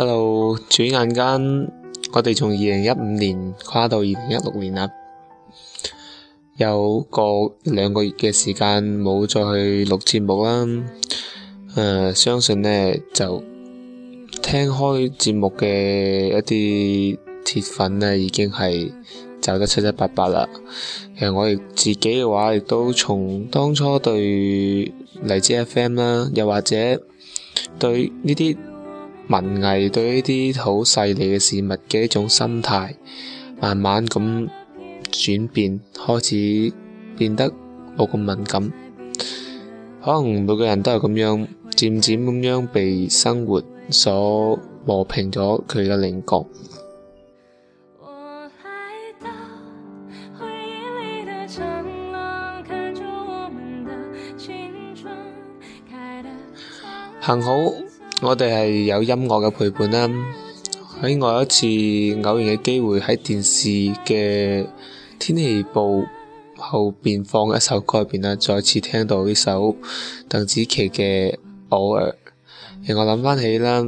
hello，轉眼間我哋從二零一五年跨到二零一六年啦，有個兩個月嘅時間冇再去錄節目啦。誒、呃，相信呢，就聽開節目嘅一啲鐵粉呢已經係走得七七八八啦。其實我哋自己嘅話，亦都從當初對荔枝 FM 啦，又或者對呢啲。文藝對呢啲好細膩嘅事物嘅一種心態，慢慢咁轉變，開始變得冇咁敏感。可能每個人都係咁樣，漸漸咁樣被生活所磨平咗佢嘅棱角。幸好。我哋係有音樂嘅陪伴啦，喺我一次偶然嘅機會喺電視嘅天氣報後邊放一首歌入邊啦，再次聽到呢首鄧紫棋嘅《偶爾》，令我諗翻起啦，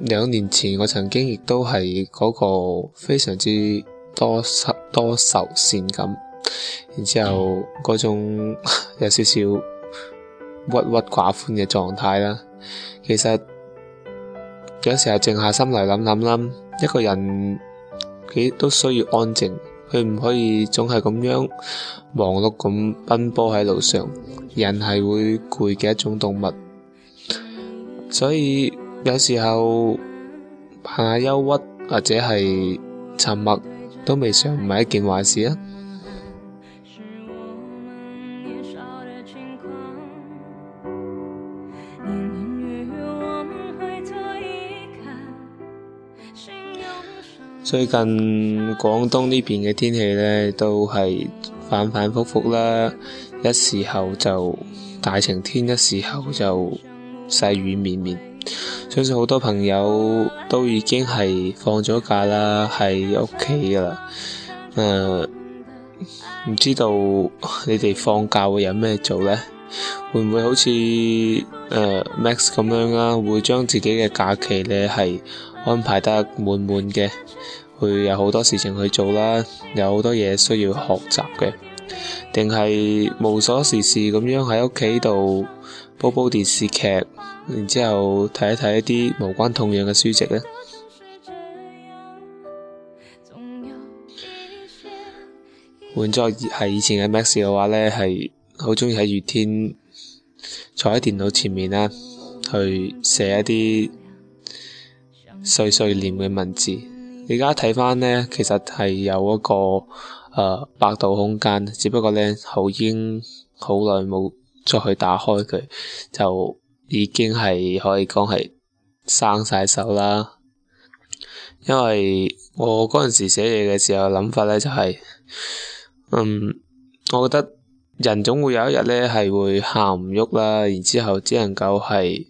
兩年前我曾經亦都係嗰個非常之多多愁善感，然之後嗰種有少少鬱鬱寡歡嘅狀態啦。其實有時候靜下心嚟諗諗諗，一個人佢都需要安靜，佢唔可以總係咁樣忙碌咁奔波喺路上。人係會攰嘅一種動物，所以有時候扮下憂鬱或者係沉默都未嘗唔係一件壞事啊。最近廣東呢邊嘅天氣咧，都係反反覆覆啦。一時候就大晴天，一時候就細雨綿綿。相信好多朋友都已經係放咗假啦，喺屋企㗎喇。誒、呃，唔知道你哋放假會有咩做咧？會唔會好似誒、呃、Max 咁樣啦、啊？會將自己嘅假期咧係安排得滿滿嘅？會有好多事情去做啦，有好多嘢需要學習嘅，定係無所事事咁樣喺屋企度煲煲電視劇，然之後睇一睇一啲無關痛癢嘅書籍咧。換作係以前嘅 Max 嘅話咧，係好鍾意喺雨天坐喺電腦前面啦，去寫一啲碎碎念嘅文字。而家睇翻咧，其實係有一個誒、呃、百度空間，只不過咧好已經好耐冇再去打開佢，就已經係可以講係生晒手啦。因為我嗰陣時寫嘢嘅時候諗法咧就係、是，嗯，我覺得人總會有一日咧係會行唔喐啦，然之後只能夠係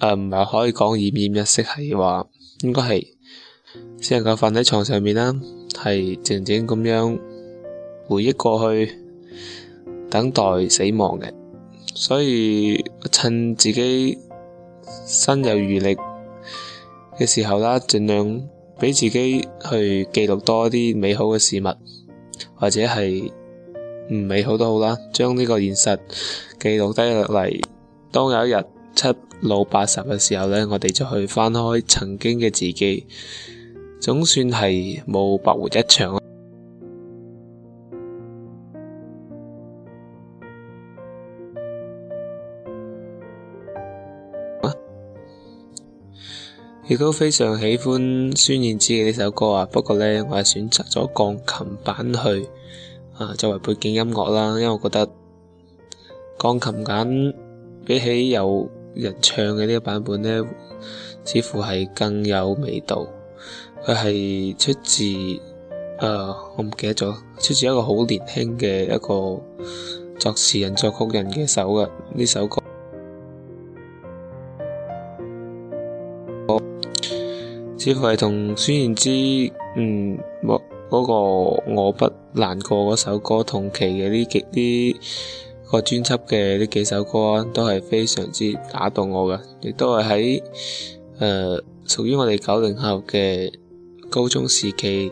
誒唔係可以講奄奄一息，係話應該係。只能夠瞓喺床上面啦，係靜靜咁樣回憶過去，等待死亡嘅。所以趁自己身有餘力嘅時候啦，盡量俾自己去記錄多啲美好嘅事物，或者係唔美好都好啦，將呢個現實記錄低落嚟。當有一日七老八十嘅時候呢，我哋就去翻開曾經嘅自己。總算係冇白活一場啊！亦都非常喜歡孫燕姿嘅呢首歌啊。不過呢，我係選擇咗鋼琴版去啊，作為背景音樂啦。因為我覺得鋼琴版比起有人唱嘅呢個版本呢，似乎係更有味道。佢係出自誒、啊，我唔記得咗，出自一個好年輕嘅一個作詞人、作曲人嘅手嘅呢首歌。 似乎係同孫燕姿，嗯，嗰、嗰個我不難過嗰首歌同期嘅呢幾、呢個專輯嘅呢幾首歌啊，都係非常之打動我嘅，亦都係喺誒屬於我哋九零後嘅，高中時期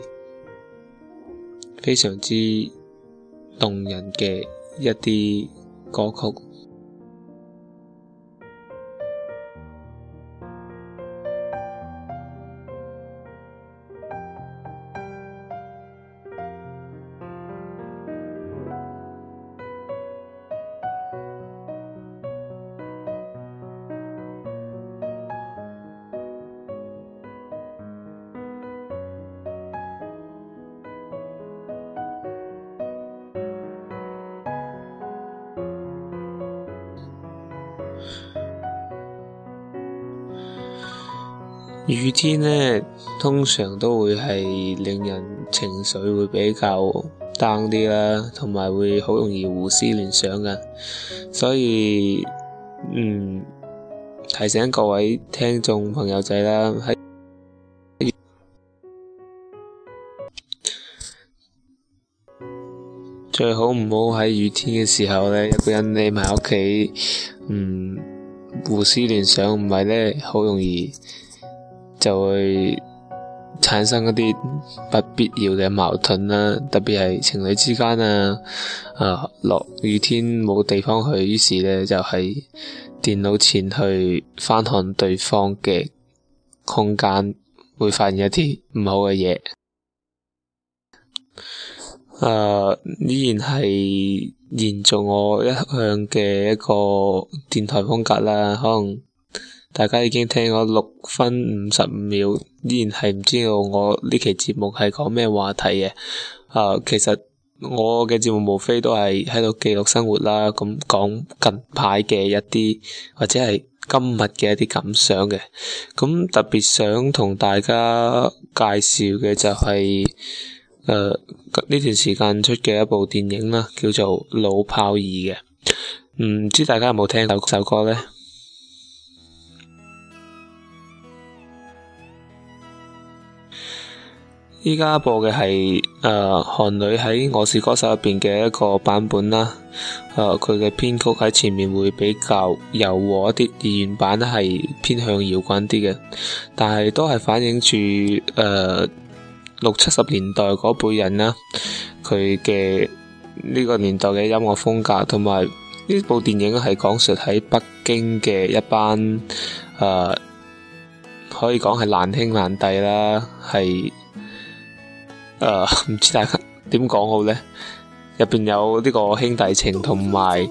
非常之動人嘅一啲歌曲。雨天呢，通常都會係令人情緒會比較 down 啲啦，同埋會好容易胡思亂想㗎，所以，嗯，提醒各位聽眾朋友仔啦，喺最好唔好喺雨天嘅時候呢，一個人匿埋屋企，嗯。胡思亂想唔係咧，好容易就會產生一啲不必要嘅矛盾啦。特別係情侶之間啊，啊落雨天冇地方去，於是咧就喺、是、電腦前去翻看對方嘅空間，會發現一啲唔好嘅嘢。誒、uh, 依然係延續我一向嘅一個電台風格啦。可能大家已經聽咗六分五十五秒，依然係唔知道我呢期節目係講咩話題嘅。誒、uh，其實我嘅節目無非都係喺度記錄生活啦，咁講近排嘅一啲或者係今日嘅一啲感想嘅。咁特別想同大家介紹嘅就係、是、～呃、呢段時間出嘅一部電影啦，叫做《老炮兒》嘅，唔知大家有冇聽首首歌呢？依家 播嘅係，誒，韓磊喺《我是歌手》入邊嘅一個版本啦。佢嘅編曲喺前面會比較柔和啲，而原版咧係偏向搖滾啲嘅，但係都係反映住六七十年代嗰輩人啦，佢嘅呢個年代嘅音樂風格，同埋呢部電影係講述喺北京嘅一班誒，可以講係難兄難弟啦，係誒唔知大家點講好咧？入邊有呢個兄弟情，同埋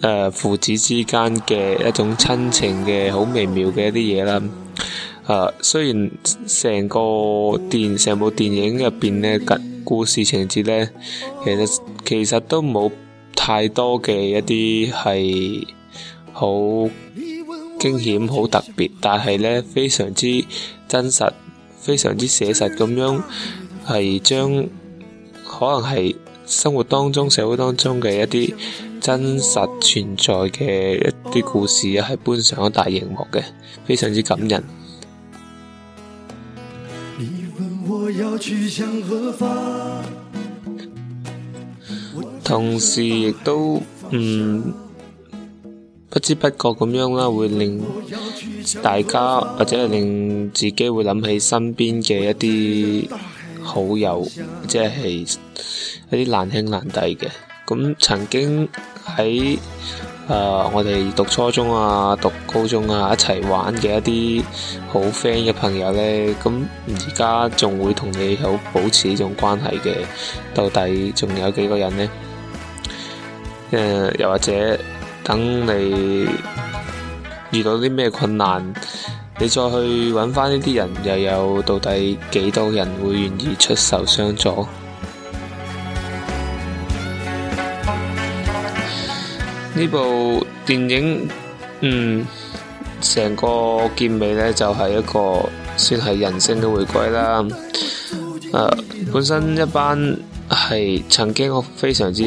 誒父子之間嘅一種親情嘅好微妙嘅一啲嘢啦。誒，uh, 雖然成個電成部電影入邊咧，故事情節咧，其實其實都冇太多嘅一啲係好驚險、好特別，但係咧非常之真實、非常之寫實咁樣係將可能係生活當中、社會當中嘅一啲真實存在嘅一啲故事，啊係搬上咗大熒幕嘅，非常之感人。同時亦都唔、嗯、不知不覺咁樣啦，會令大家或者係令自己會諗起身邊嘅一啲好友，即係一啲難兄難弟嘅。咁曾經喺。誒、呃，我哋讀初中啊、讀高中啊一齊玩嘅一啲好 friend 嘅朋友呢，咁而家仲會同你好保持呢種關係嘅，到底仲有幾個人呢？誒、呃，又或者等你遇到啲咩困難，你再去揾翻呢啲人，又有到底幾多人會願意出手相助？呢部電影，嗯，成個結尾呢，就係、是、一個算係人性嘅回歸啦、呃。本身一班係曾經非常之、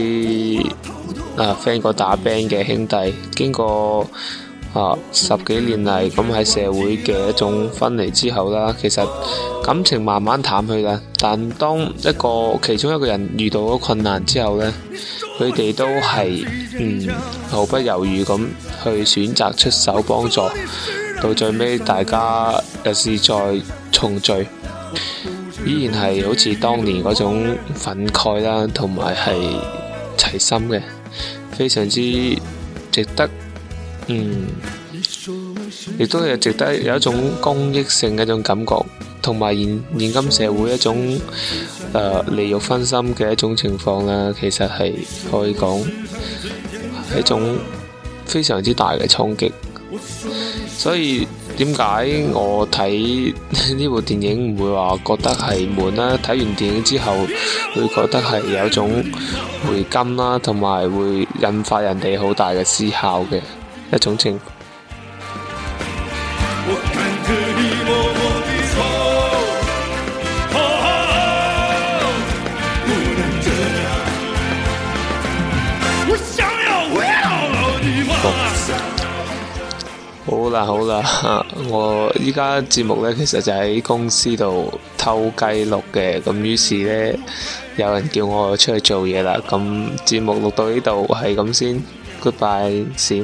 呃、 啊 friend 過打 band 嘅兄弟，經過啊十幾年嚟，咁喺社會嘅一種分離之後啦，其實感情慢慢淡去啦。但當一個其中一個人遇到咗困難之後呢。佢哋都係嗯毫不猶豫咁去選擇出手幫助，到最尾，大家又試再重聚，依然係好似當年嗰種憤慨啦，同埋係齊心嘅，非常之值得，嗯，亦都係值得有一種公益性嘅一種感覺。同埋現現今社會一種呃、利慾薰心嘅一種情況啦，其實係可以講係一種非常之大嘅衝擊。所以點解我睇呢部電影唔會話覺得係悶啦？睇完電影之後會覺得係有一種回甘啦，同埋會引發人哋好大嘅思考嘅一種情況。 好啦好啦，我依家節目咧，其實就喺公司度偷雞錄嘅，咁於是咧，有人叫我出去做嘢啦，咁節目錄到呢度係咁先，Goodbye 閃。